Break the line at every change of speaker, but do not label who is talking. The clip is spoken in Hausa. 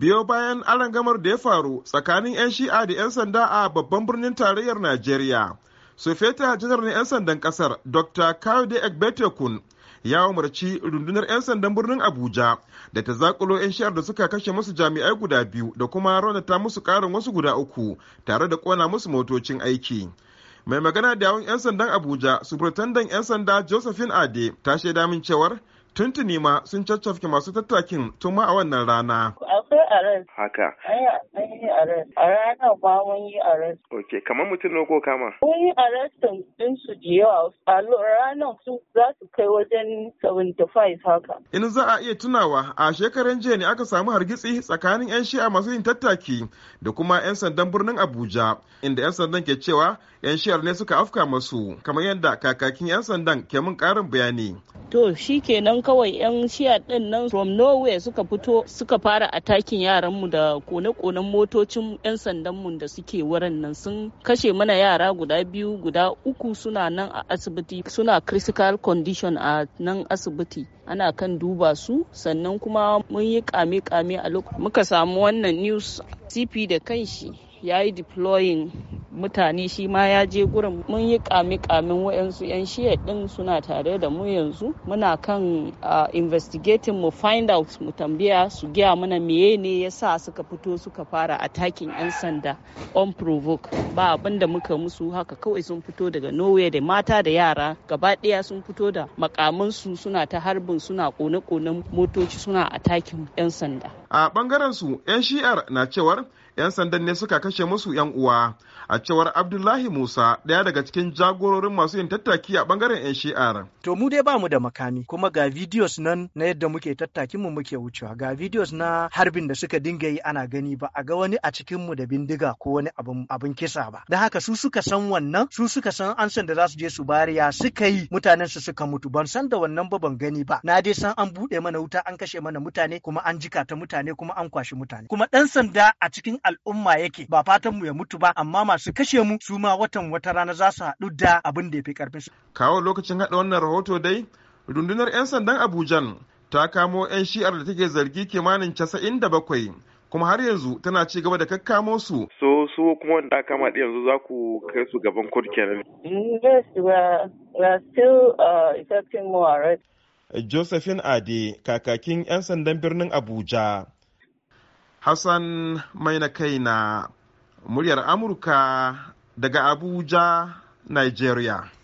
biyo bayan arangamar da ya faru tsakanin 'yan shi'a da 'yan sanda a babban birnin tarayyar najeriya sufeta janar na 'yan sandan kasar dr kayode egbetekun ya umarci rundunar 'yan sandan birnin abuja da ta zakulo 'yan shi'ar da suka kashe musu jami'ai guda biyu da kuma raunata musu karin wasu guda uku tare da kona musu motocin aiki mai magana da yawon 'yan sandan abuja subritandan 'yan sanda josephine ade ta shaida min cewar tuntuni ma sun caccafke masu tattakin tun ma a wannan rana. A arrest. Haka.
An yi arrest. A ranar ma mun yi arrest. Ok, kamar mutum ko kama? Mun yi arrestin din su da yawa. A ranar su za su kai wajen 75 haka.
In za a iya tunawa a shekaran jiya ne aka samu hargitsi tsakanin 'yan shi'a masu yin tattaki da kuma 'yan sandan birnin Abuja inda 'yan sandan ke cewa 'yan shi'ar ne suka afka masu kamar yadda kakakin 'yan sandan ke mun karin bayani.
to shi kenan kawai yan shiya din nan from norway suka fito suka fara atakin yaran mu da kone-konen motocin yan sandan mu da suke wurin nan sun kashe mana yara guda biyu guda uku suna nan a asibiti suna critical condition a nan asibiti ana kan duba su sannan kuma mun yi kame-kame a lokacin muka samu wannan news cp da kanshi ya yi deploying mutane shi ma ya je gurin mun yi kame kamin wayansu yan shiya din suna tare da mu yanzu muna kan investigating mu find out mu tambaya su gaya mana meye ne ya sa suka fito suka fara attacking yan sanda on provoke ba abin da muka musu haka kawai sun fito daga norway da mata da yara gaba daya sun fito da makamansu suna ta harbin suna kone-konen motoci suna attacking yan sanda
a bangaren su 'yan shi'ar na cewar 'yan sandan ne suka kashe musu 'yan uwa a cewar abdullahi
musa ɗaya daga cikin jagororin masu yin tattaki a bangaren 'yan shi'ar to mu dai bamu da makami kuma ga videos nan na yadda muke tattakin mu muke wucewa ga videos na harbin da suka dinga yi ana gani ba a ga wani a cikin mu da bindiga ko wani abin kisa ba da haka su suka san wannan su suka san an san da za su je su bariya suka yi mutanen su suka mutu ban san da wannan ba ban gani ba na dai san an buɗe mana wuta an kashe mana mutane kuma an jika ta mutane mutane kuma an kwashi mutane kuma ɗan sanda a cikin al'umma yake ba fatan mu ya mutu ba amma masu kashe mu su ma watan wata rana za su haɗu da abin da ya fi karfin su
kawo lokacin haɗa
wannan rahoto
dai rundunar 'yan sandan abujan ta kamo 'yan shi'ar da take zargi kimanin casa'in da bakwai kuma har yanzu tana ci gaba da kakkamo su. So su kuma wanda aka kama yanzu za ku kai su gaban kurkiyar
Yes, we are, still uh, more arrests.
Josephine Ade, kakakin 'yan sandan birnin Abuja. Hassan mai na kai na muryar Amurka daga Abuja, Nigeria.